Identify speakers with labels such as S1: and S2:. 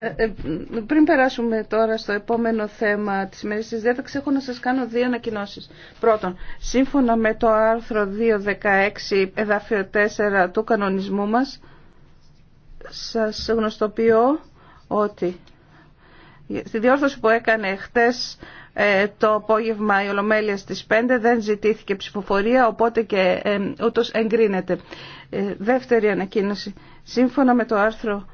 S1: Ε, ε, πριν περάσουμε τώρα στο επόμενο θέμα της σημερινής της διάταξης, έχω να σας κάνω δύο ανακοινώσεις. Πρώτον, σύμφωνα με το άρθρο 216 εδάφιο 4 του κανονισμού μας, σας γνωστοποιώ ότι στη διόρθωση που έκανε χτες ε, το απόγευμα η Ολομέλεια στις 5 δεν ζητήθηκε ψηφοφορία οπότε και ε, ούτως εγκρίνεται. δεύτερη ανακοίνωση, σύμφωνα με το άρθρο